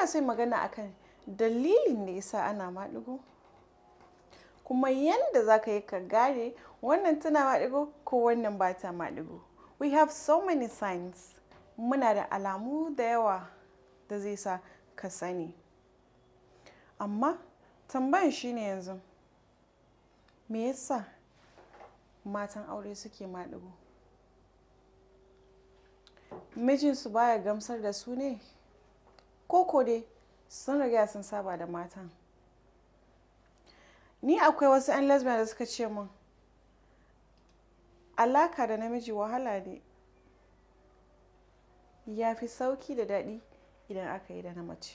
ina son magana akan dalilin da yasa ana maɗigo kuma yanda za ka yi ka gane wannan tana maɗigo ko wannan ba ta maɗigo we have so many signs muna da alamu da yawa da zai sa ka sani amma tambayan shine yanzu me yasa matan aure suke maɗigo mijinsu baya gamsar da su ne koko dai sun riga sun saba da matan ni akwai wasu 'yan lesbian da suka ce min alaka da namiji wahala ne ya fi sauki da daɗi idan aka yi da na mace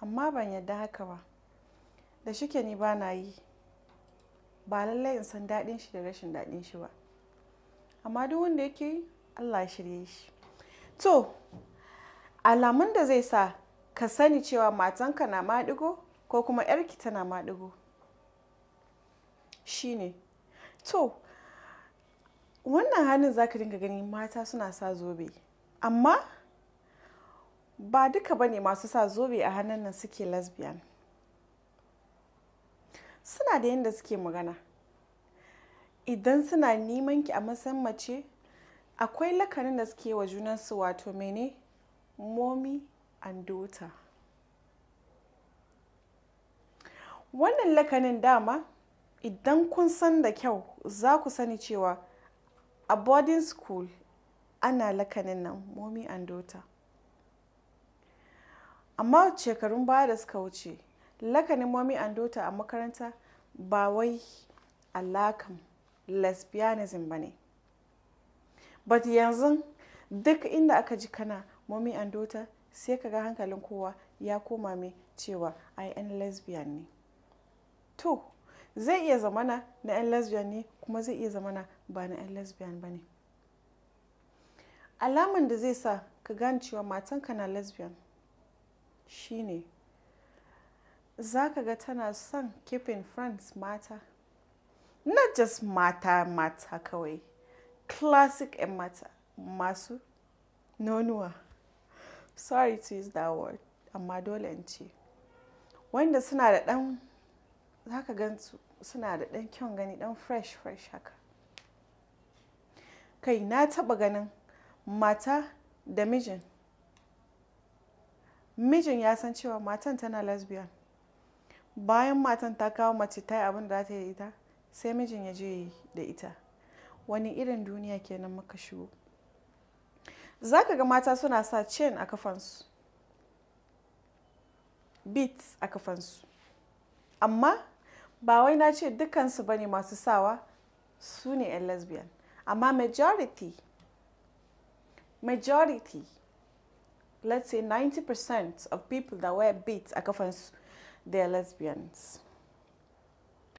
amma ban yadda haka ba da shike ni ba na yi ba lallai in san daɗin shi da rashin daɗin shi ba amma duk wanda yake yi allah shirye shi to alamun da zai sa ka sani cewa matanka na maɗigo ko kuma yarki tana maɗigo Shi ne. to wannan hannun za ka dinga gani mata suna sa zobe amma ba duka ba ne masu sa zobe a hannun nan suke lesbian suna da yadda suke magana idan suna neman a matsayin mace akwai lakarin da suke wa junansu wato mene momi and daughter. Wannan lakanin dama idan kun san da kyau za ku sani cewa a boarding school ana lakanin nan mommy and daughter. Amma shekarun baya da suka wuce lakanin mommy and daughter a makaranta ba wai alakan lesbianism ba ne. But yanzu duk inda aka ji kana mommy and daughter sai ka ga hankalin kowa ya koma mai cewa ai 'yan lesbian ne to zai iya zamana na 'yan lesbian ne kuma zai iya zamana ba na 'yan lesbian ba ne Alamun da zai sa ka gane cewa matanka na lesbian shine za ka ga tana son keeping friends mata not just mata mata kawai classic 'yan mata masu nonuwa sorry to use that word amma dole in ce wanda suna da dan zaka gan suna da dan kyan gani dan fresh fresh haka kai na taba ganin mata da mijin mijin ya san cewa matan tana lesbian bayan matan ta kawo mace ta yi abin da ta yi ita sai mijin ya je da ita wani irin duniya kenan muka shigo za ka ga mata suna sa chain a kafansu beats a kafansu amma ba wai na ce dukansu ba ne masu sawa su ne 'yan lesbian amma majority majority let's say 90% of people that wear beads a kafansu they are lesbians